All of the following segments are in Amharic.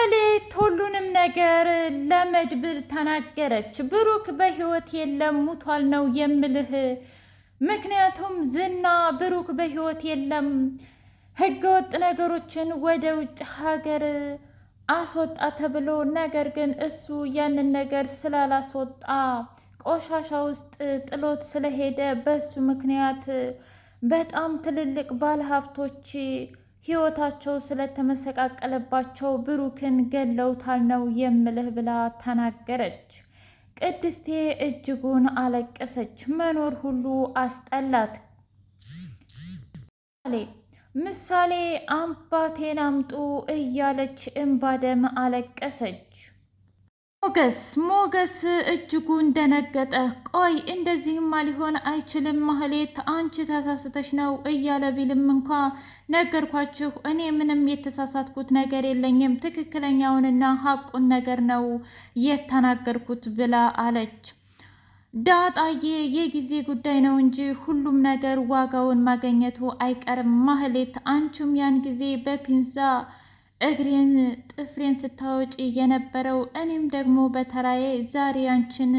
ማህሌት ሁሉንም ነገር ለመድብል ተናገረች። ብሩክ በህይወት የለም ሙቷል ነው የምልህ። ምክንያቱም ዝና ብሩክ በህይወት የለም ህገወጥ ነገሮችን ወደ ውጭ ሀገር አስወጣ ተብሎ፣ ነገር ግን እሱ ያንን ነገር ስላላስወጣ ቆሻሻ ውስጥ ጥሎት ስለሄደ በሱ ምክንያት በጣም ትልልቅ ባለሀብቶች ህይወታቸው ስለተመሰቃቀለባቸው ብሩክን ገለውታል ነው የምልህ ብላ ተናገረች። ቅድስቴ እጅጉን አለቀሰች። መኖር ሁሉ አስጠላት። ምሳሌ አባቴን አምጡ እያለች እምባደም አለቀሰች። ሞገስ ሞገስ እጅጉን ደነገጠ። ቆይ እንደዚህማ ሊሆን አይችልም ማህሌት፣ አንቺ ተሳስተሽ ነው እያለ ቢልም እንኳ ነገርኳችሁ፣ እኔ ምንም የተሳሳትኩት ነገር የለኝም ትክክለኛውንና ሀቁን ነገር ነው የተናገርኩት ብላ አለች። ዳጣዬ የጊዜ ጉዳይ ነው እንጂ ሁሉም ነገር ዋጋውን ማገኘቱ አይቀርም። ማህሌት አንቺም ያን ጊዜ በፒንዛ እግሬን ጥፍሬን ስታወጪ የነበረው እኔም ደግሞ በተራዬ ዛሬ አንቺን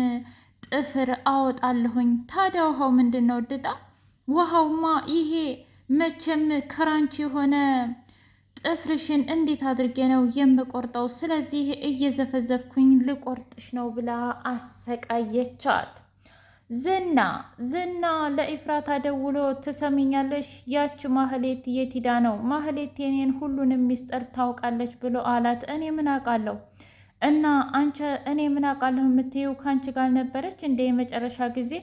ጥፍር አወጣለሁኝ። ታዲያ ውሃው ምንድን ነው ድጣ? ውሃውማ ይሄ መቼም ክራንች የሆነ ጥፍርሽን እንዴት አድርጌ ነው የምቆርጠው? ስለዚህ እየዘፈዘፍኩኝ ልቆርጥሽ ነው ብላ አሰቃየቻት። ዝና ዝና ለኤፍራታ ደውሎ ትሰሚኛለሽ? ያች ማህሌት የት ነው? ማህሌት የኔን ሁሉንም ሚስጥር ታውቃለች ብሎ አላት። እኔ ምን አውቃለሁ እና አንቺ እኔ ምን አውቃለሁ የምትይው ከአንቺ ጋር ነበረች እንደ የመጨረሻ ጊዜ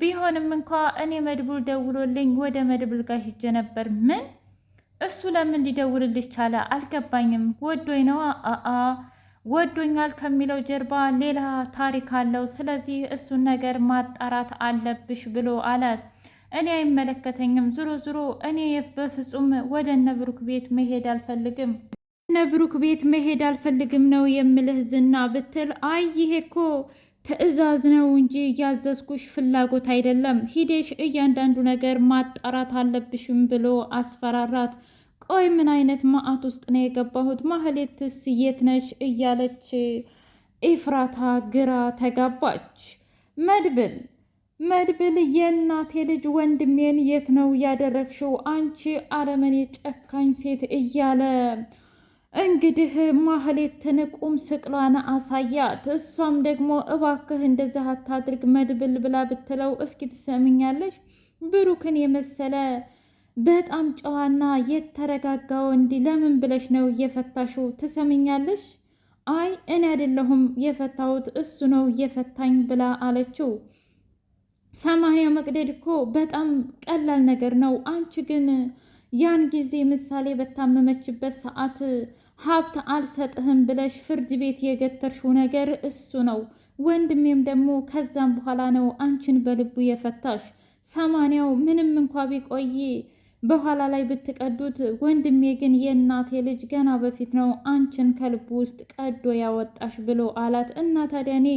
ቢሆንም እንኳ እኔ መድብል ደውሎልኝ ወደ መድብል ጋር ሂጄ ነበር። ምን እሱ ለምን ሊደውልልሽ ቻለ? አልገባኝም። ወዶኝ ነዋ። አአ ወዶኛል ከሚለው ጀርባ ሌላ ታሪክ አለው። ስለዚህ እሱን ነገር ማጣራት አለብሽ ብሎ አላት። እኔ አይመለከተኝም። ዞሮ ዞሮ እኔ በፍጹም ወደ ነብሩክ ብሩክ ቤት መሄድ አልፈልግም ነብሩክ ቤት መሄድ አልፈልግም ነው የምልህ ዝና ብትል፣ አይ ይሄ እኮ ትዕዛዝ ነው እንጂ ያዘዝኩሽ ፍላጎት አይደለም። ሂደሽ እያንዳንዱ ነገር ማጣራት አለብሽም ብሎ አስፈራራት። ቆይ ምን አይነት ማዕት ውስጥ ነው የገባሁት? ማህሌትስ የት ነች? እያለች ኤፍራታ ግራ ተጋባች። መድብል መድብል የእናቴ ልጅ ወንድሜን የት ነው ያደረግሽው? አንቺ አረመኔ ጨካኝ ሴት እያለ እንግዲህ ማህሌትን ቁም ስቅሏን አሳያት። እሷም ደግሞ እባክህ እንደዚህ አታድርግ መድብል ብላ ብትለው እስኪ ትሰምኛለሽ ብሩክን የመሰለ በጣም ጨዋና የተረጋጋ ወንድ ለምን ብለሽ ነው እየፈታሹ? ትሰምኛለሽ? አይ እኔ አይደለሁም የፈታሁት እሱ ነው እየፈታኝ ብላ አለችው። ሰማንያ መቅደድ እኮ በጣም ቀላል ነገር ነው። አንቺ ግን ያን ጊዜ ምሳሌ በታመመችበት ሰዓት ሀብት አልሰጥህም ብለሽ ፍርድ ቤት የገተርሽው ነገር እሱ ነው። ወንድሜም ደግሞ ከዛም በኋላ ነው አንቺን በልቡ የፈታሽ። ሰማንያው ምንም እንኳ ቢቆይ በኋላ ላይ ብትቀዱት፣ ወንድሜ ግን የእናቴ ልጅ ገና በፊት ነው አንቺን ከልቡ ውስጥ ቀዶ ያወጣሽ ብሎ አላት። እና ታዲያ እኔ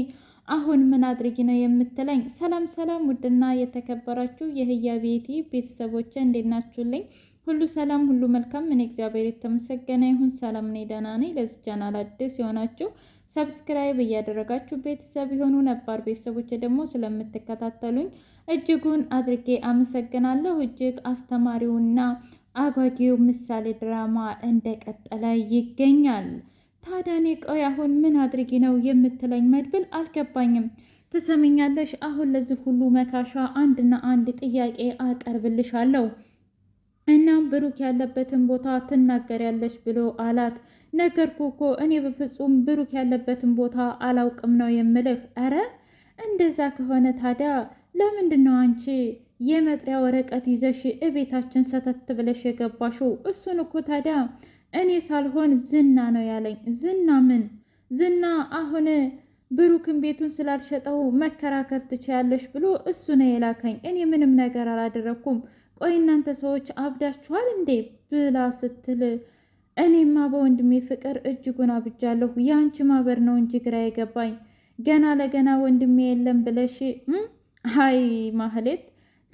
አሁን ምን አድርጊ ነው የምትለኝ? ሰላም ሰላም! ውድና የተከበራችሁ የህያ ቤቲ ቤተሰቦቼ እንዴት ናችሁልኝ? ሁሉ ሰላም፣ ሁሉ መልካም። እኔ እግዚአብሔር የተመሰገነ ይሁን ሰላም ነኝ፣ ደህና ነኝ። ለዚህ ቻናል አዲስ የሆናችሁ ሰብስክራይብ እያደረጋችሁ ቤተሰብ የሆኑ ነባር ቤተሰቦቼ ደግሞ ስለምትከታተሉኝ እጅጉን አድርጌ አመሰግናለሁ። እጅግ አስተማሪውና አጓጊው ምሳሌ ድራማ እንደቀጠለ ይገኛል። ታዲያ እኔ ቆይ አሁን ምን አድርጊ ነው የምትለኝ? መድብል አልገባኝም። ትሰምኛለሽ? አሁን ለዚህ ሁሉ መካሻ አንድና አንድ ጥያቄ አቀርብልሻለሁ። እናም ብሩክ ያለበትን ቦታ ትናገሪያለሽ ብሎ አላት። ነገርኩ እኮ እኔ በፍጹም ብሩክ ያለበትን ቦታ አላውቅም ነው የምልህ። ኧረ እንደዛ ከሆነ ታዲያ ለምንድን ነው አንቺ የመጥሪያ ወረቀት ይዘሽ እቤታችን ሰተት ብለሽ የገባሽው? እሱን እኮ ታዲያ እኔ ሳልሆን ዝና ነው ያለኝ። ዝና ምን ዝና? አሁን ብሩክን ቤቱን ስላልሸጠው መከራከር ትችያለሽ ብሎ እሱ ነው የላከኝ። እኔ ምንም ነገር አላደረግኩም። ቆይ እናንተ ሰዎች አብዳችኋል እንዴ ብላ ስትል እኔማ በወንድሜ ፍቅር እጅጉን አብጃለሁ። የአንቺ ማበር ነው እንጂ ግራ የገባኝ ገና ለገና ወንድሜ የለም ብለሽ አይ ማህሌት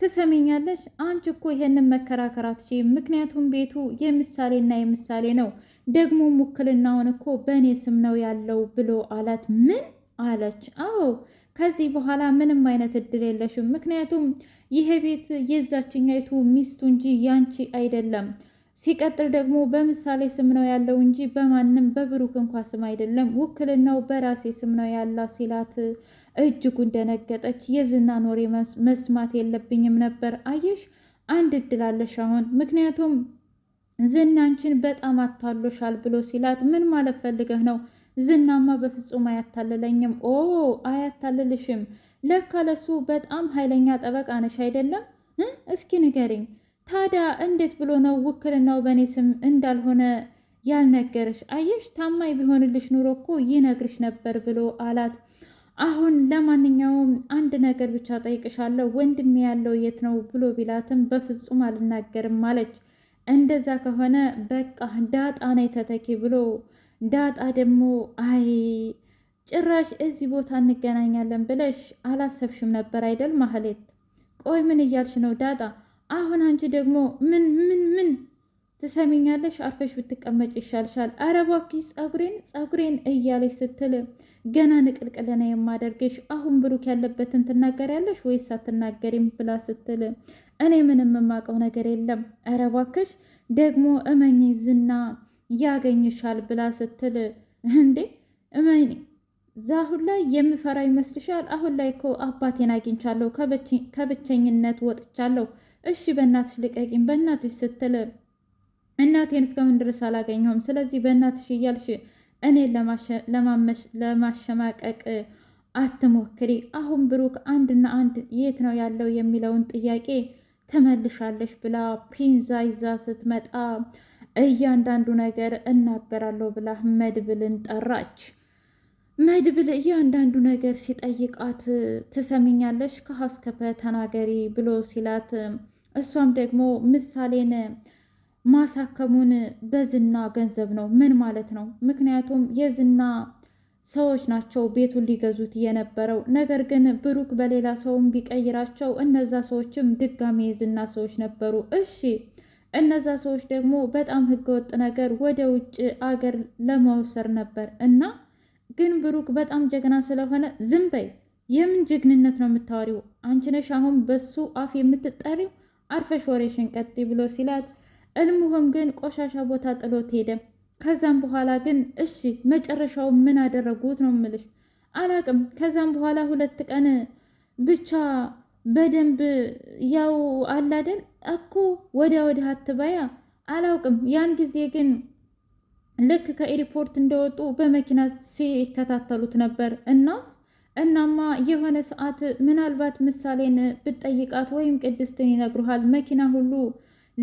ትሰሚኛለሽ? አንቺ እኮ ይሄንን መከራከራት ቺ ምክንያቱም ቤቱ የምሳሌና የምሳሌ ነው። ደግሞ ውክልናውን እኮ በእኔ ስም ነው ያለው ብሎ አላት። ምን አለች? አዎ ከዚህ በኋላ ምንም አይነት እድል የለሽም። ምክንያቱም ይሄ ቤት የዛችኛይቱ ሚስቱ እንጂ ያንቺ አይደለም። ሲቀጥል ደግሞ በምሳሌ ስም ነው ያለው እንጂ በማንም በብሩክ እንኳ ስም አይደለም፣ ውክልናው በራሴ ስም ነው ያላ ሲላት እጅጉን ደነገጠች። የዝና ኖሬ መስማት የለብኝም ነበር። አየሽ አንድ እድል አለሽ አሁን። ምክንያቱም ዝናንችን በጣም አታሎሻል ብሎ ሲላት ምን ማለት ፈልገህ ነው? ዝናማ በፍጹም አያታልለኝም። ኦ አያታልልሽም። ለካ ለሱ በጣም ኃይለኛ ጠበቃ ነሽ አይደለም? እስኪ ንገሪኝ ታዲያ እንዴት ብሎ ነው ውክልናው በእኔ ስም እንዳልሆነ ያልነገረሽ? አየሽ ታማኝ ቢሆንልሽ ኑሮ እኮ ይነግርሽ ነበር ብሎ አላት። አሁን ለማንኛውም አንድ ነገር ብቻ ጠይቅሻለሁ፣ ወንድሜ ያለው የት ነው ብሎ ቢላትም በፍጹም አልናገርም አለች። እንደዛ ከሆነ በቃ ዳጣ ነይ ተተኪ ብሎ ዳጣ ደግሞ አይ ጭራሽ እዚህ ቦታ እንገናኛለን ብለሽ አላሰብሽም ነበር አይደል ማህሌት? ቆይ ምን እያልሽ ነው ዳጣ አሁን አንቺ ደግሞ ምን ምን ምን ትሰሚኛለሽ? አርፈሽ ብትቀመጭ ይሻልሻል። አረ እባክሽ ፀጉሬን ፀጉሬን እያለች ስትል ገና ንቅልቅልና የማደርግሽ አሁን ብሩክ ያለበትን ትናገሪያለሽ ወይስ አትናገሪም? ብላ ስትል እኔ ምንም የማውቀው ነገር የለም። አረ እባክሽ ደግሞ እመኝ ዝና ያገኝሻል ብላ ስትል እንዴ እመኝ ዛሁን ላይ የምፈራ ይመስልሻል? አሁን ላይ እኮ አባቴን አግኝቻለሁ፣ ከብቸኝነት ወጥቻለሁ እሺ በእናትሽ ልቀቂኝ በእናትሽ ስትል እናቴን እስከምን ድረስ አላገኘሁም። ስለዚህ በእናትሽ እያልሽ እኔን ለማሸማቀቅ አትሞክሪ። አሁን ብሩክ አንድና አንድ የት ነው ያለው የሚለውን ጥያቄ ትመልሻለሽ ብላ ፒንዛ ይዛ ስትመጣ እያንዳንዱ ነገር እናገራለሁ ብላ መድብልን ጠራች። መድብል እያንዳንዱ ነገር ሲጠይቃት ትሰሚኛለሽ ከሀስከፈ ተናገሪ ብሎ ሲላት እሷም ደግሞ ምሳሌን ማሳከሙን በዝና ገንዘብ ነው ምን ማለት ነው? ምክንያቱም የዝና ሰዎች ናቸው ቤቱን ሊገዙት የነበረው። ነገር ግን ብሩክ በሌላ ሰውም ቢቀይራቸው እነዛ ሰዎችም ድጋሜ የዝና ሰዎች ነበሩ። እሺ እነዛ ሰዎች ደግሞ በጣም ህገወጥ ነገር ወደ ውጭ አገር ለመውሰር ነበር እና ግን ብሩክ በጣም ጀግና ስለሆነ ዝም በይ። የምን ጀግንነት ነው የምታወሪው? አንቺ ነሽ አሁን በሱ አፍ የምትጠሪው አርፈሽ ወሬሽን ቀጥ ብሎ ሲላት፣ እልሙህም ግን ቆሻሻ ቦታ ጥሎት ሄደ። ከዛም በኋላ ግን እሺ መጨረሻው ምን አደረጉት ነው ምልሽ? አላቅም። ከዛም በኋላ ሁለት ቀን ብቻ በደንብ ያው አላደን እኮ ወዲያ ወዲህ አትባያ አላውቅም። ያን ጊዜ ግን ልክ ከኤርፖርት እንደወጡ በመኪና ሲከታተሉት ነበር። እናስ እናማ የሆነ ሰዓት ምናልባት ምሳሌን ብጠይቃት ወይም ቅድስትን ይነግሩሃል። መኪና ሁሉ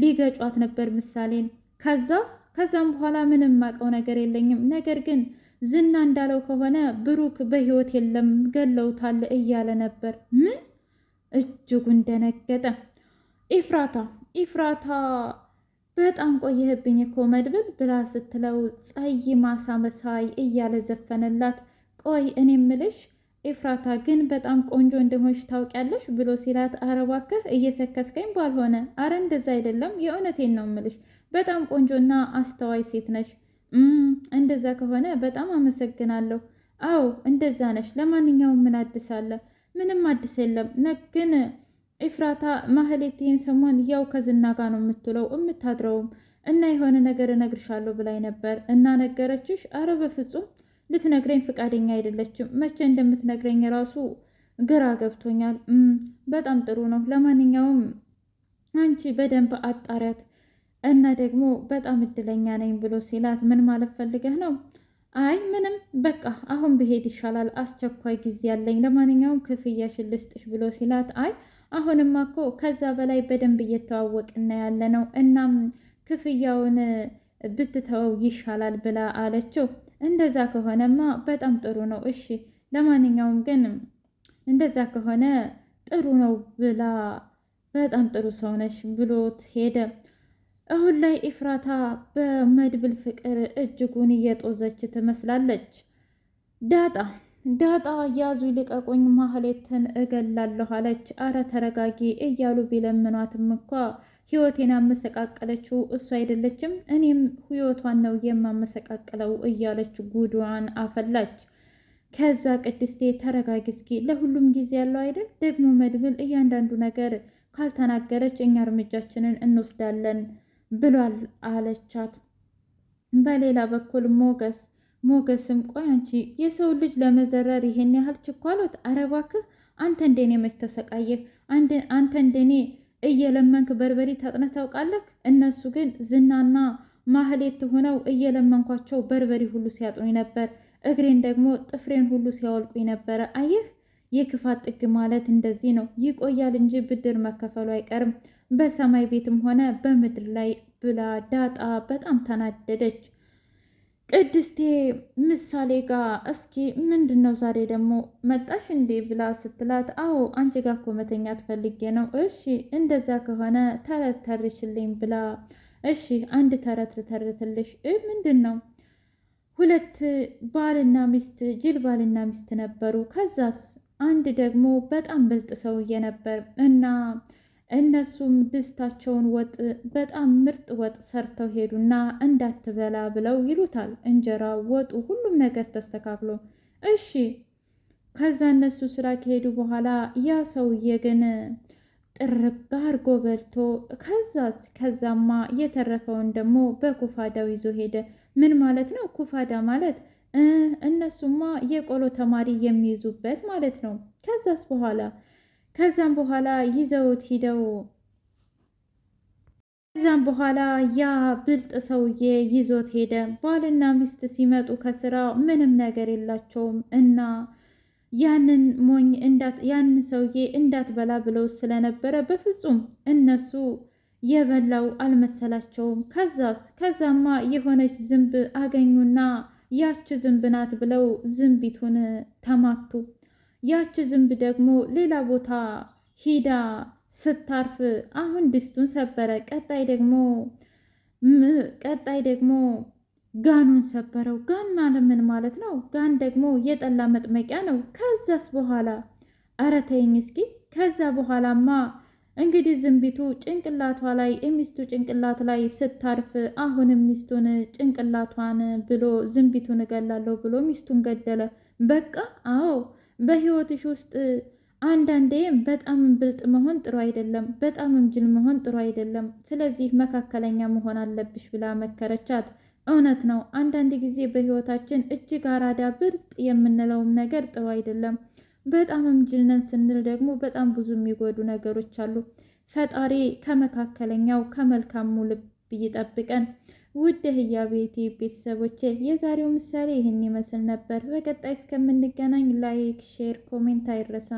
ሊገጯት ነበር ምሳሌን። ከዛስ ከዛም በኋላ ምንም ማቀው ነገር የለኝም። ነገር ግን ዝና እንዳለው ከሆነ ብሩክ በህይወት የለም ገለውታል እያለ ነበር። ምን እጅጉን ደነገጠ። ኢፍራታ ኢፍራታ በጣም ቆየህብኝ እኮ መድብል ብላ ስትለው ፀይ ማሳ መሳይ እያለ ዘፈነላት። ቆይ እኔ ምልሽ ኤፍራታ ግን በጣም ቆንጆ እንደሆንሽ ታውቂያለሽ ብሎ ሲላት፣ አረ እባክህ እየሰከስከኝ ባልሆነ፣ አረ እንደዛ አይደለም፣ የእውነቴን ነው ምልሽ። በጣም ቆንጆና አስተዋይ ሴት ነሽ። እንደዛ ከሆነ በጣም አመሰግናለሁ። አዎ እንደዛ ነሽ። ለማንኛውም ምን አዲስ አለ? ምንም አዲስ የለም። ግን ኤፍራታ ማህሌት ይህን ሰሞን ያው ከዝና ጋ ነው የምትውለው የምታድረውም እና የሆነ ነገር እነግርሻለሁ ብላኝ ነበር እና ነገረችሽ? አረ በፍጹም ልትነግረኝ ፈቃደኛ አይደለችም። መቼ እንደምትነግረኝ ራሱ ግራ ገብቶኛል። በጣም ጥሩ ነው። ለማንኛውም አንቺ በደንብ አጣሪያት እና ደግሞ በጣም እድለኛ ነኝ ብሎ ሲላት ምን ማለት ፈልገህ ነው? አይ ምንም፣ በቃ አሁን ብሄድ ይሻላል፣ አስቸኳይ ጊዜ ያለኝ። ለማንኛውም ክፍያሽን ልስጥሽ ብሎ ሲላት አይ አሁንማ እኮ ከዛ በላይ በደንብ እየተዋወቅና ያለ ነው። እናም ክፍያውን ብትተወው ይሻላል ብላ አለችው። እንደዛ ከሆነማ በጣም ጥሩ ነው። እሺ ለማንኛውም ግን እንደዛ ከሆነ ጥሩ ነው ብላ በጣም ጥሩ ሰው ነሽ ብሎት ሄደ። አሁን ላይ ኢፍራታ በመድብል ፍቅር እጅጉን እየጦዘች ትመስላለች። ዳጣ ዳጣ ያዙ ልቀቁኝ፣ ማህሌትን እገላለሁ አለች። አረ ተረጋጊ እያሉ ቢለምኗትም እንኳ ህይወቴን አመሰቃቀለችው እሱ አይደለችም፣ እኔም ህይወቷን ነው የማመሰቃቀለው እያለች ጉድዋን አፈላች። ከዛ ቅድስቴ ተረጋጊ እስኪ፣ ለሁሉም ጊዜ ያለው አይደል? ደግሞ መድብል እያንዳንዱ ነገር ካልተናገረች እኛ እርምጃችንን እንወስዳለን ብሏል አለቻት። በሌላ በኩል ሞገስ ሞገስም ቆይ አንቺ የሰው ልጅ ለመዘረር ይሄን ያህል ችኳሎት? አረ እባክህ አንተ እንደኔ መች ተሰቃየህ? አንተ እንደኔ እየለመንክ በርበሬ ታጥነህ ታውቃለህ? እነሱ ግን ዝናና ማህሌት ሆነው እየለመንኳቸው በርበሬ ሁሉ ሲያጥኑኝ ነበር። እግሬን ደግሞ ጥፍሬን ሁሉ ሲያወልቁኝ ነበረ። አየህ፣ የክፋት ጥግ ማለት እንደዚህ ነው። ይቆያል እንጂ ብድር መከፈሉ አይቀርም። በሰማይ ቤትም ሆነ በምድር ላይ ብላ ዳጣ በጣም ተናደደች። ቅድስቴ ምሳሌ ጋ እስኪ ምንድን ነው ዛሬ ደግሞ መጣሽ እንዴ ብላ ስትላት፣ አዎ አንቺ ጋ እኮ መተኛት ፈልጌ ነው። እሺ እንደዛ ከሆነ ተረት ተርችልኝ ብላ እሺ አንድ ተረት ልተርትልሽ። ምንድን ነው ሁለት ባልና ሚስት ጅል ባልና ሚስት ነበሩ። ከዛስ አንድ ደግሞ በጣም ብልጥ ሰውዬ ነበር እና እነሱም ድስታቸውን ወጥ በጣም ምርጥ ወጥ ሰርተው ሄዱና እንዳትበላ ብለው ይሉታል። እንጀራ ወጡ፣ ሁሉም ነገር ተስተካክሎ እሺ። ከዛ እነሱ ስራ ከሄዱ በኋላ ያ ሰውዬ ግን ጥርግ አድርጎ በልቶ ከዛስ ከዛማ የተረፈውን ደግሞ በኩፋዳው ይዞ ሄደ። ምን ማለት ነው? ኩፋዳ ማለት እነሱማ የቆሎ ተማሪ የሚይዙበት ማለት ነው። ከዛስ በኋላ ከዛም በኋላ ይዘውት ሂደው ከዛም በኋላ ያ ብልጥ ሰውዬ ይዞት ሄደ። ባልና ሚስት ሲመጡ ከስራ ምንም ነገር የላቸውም እና ያንን ሞኝ ያንን ሰውዬ እንዳትበላ ብለው ስለነበረ በፍጹም እነሱ የበላው አልመሰላቸውም። ከዛስ ከዛማ የሆነች ዝንብ አገኙና ያች ዝንብ ናት ብለው ዝንቢቱን ተማቱ። ያች ዝንብ ደግሞ ሌላ ቦታ ሂዳ ስታርፍ አሁን ድስቱን ሰበረ። ቀጣይ ደግሞ ቀጣይ ደግሞ ጋኑን ሰበረው። ጋን ማለት ምን ማለት ነው? ጋን ደግሞ የጠላ መጥመቂያ ነው። ከዛስ በኋላ ኧረ ተይኝ እስኪ። ከዛ በኋላማ እንግዲህ ዝንቢቱ ጭንቅላቷ ላይ የሚስቱ ጭንቅላት ላይ ስታርፍ አሁንም ሚስቱን ጭንቅላቷን ብሎ ዝንቢቱን እገላለሁ ብሎ ሚስቱን ገደለ። በቃ አዎ በህይወትሽ ውስጥ አንዳንዴ በጣም ብልጥ መሆን ጥሩ አይደለም፣ በጣም ጅል መሆን ጥሩ አይደለም። ስለዚህ መካከለኛ መሆን አለብሽ ብላ መከረቻት። እውነት ነው። አንዳንድ ጊዜ በህይወታችን እጅግ አራዳ ብልጥ የምንለውም ነገር ጥሩ አይደለም። በጣም እምጅል ነን ስንል ደግሞ በጣም ብዙ የሚጎዱ ነገሮች አሉ። ፈጣሪ ከመካከለኛው ከመልካሙ ልብ ይጠብቀን። ውድ ህያ ቤቴ ቤተሰቦቼ የዛሬው ምሳሌ ይህን ይመስል ነበር። በቀጣይ እስከምንገናኝ ላይክ፣ ሼር፣ ኮሜንት አይረሳ።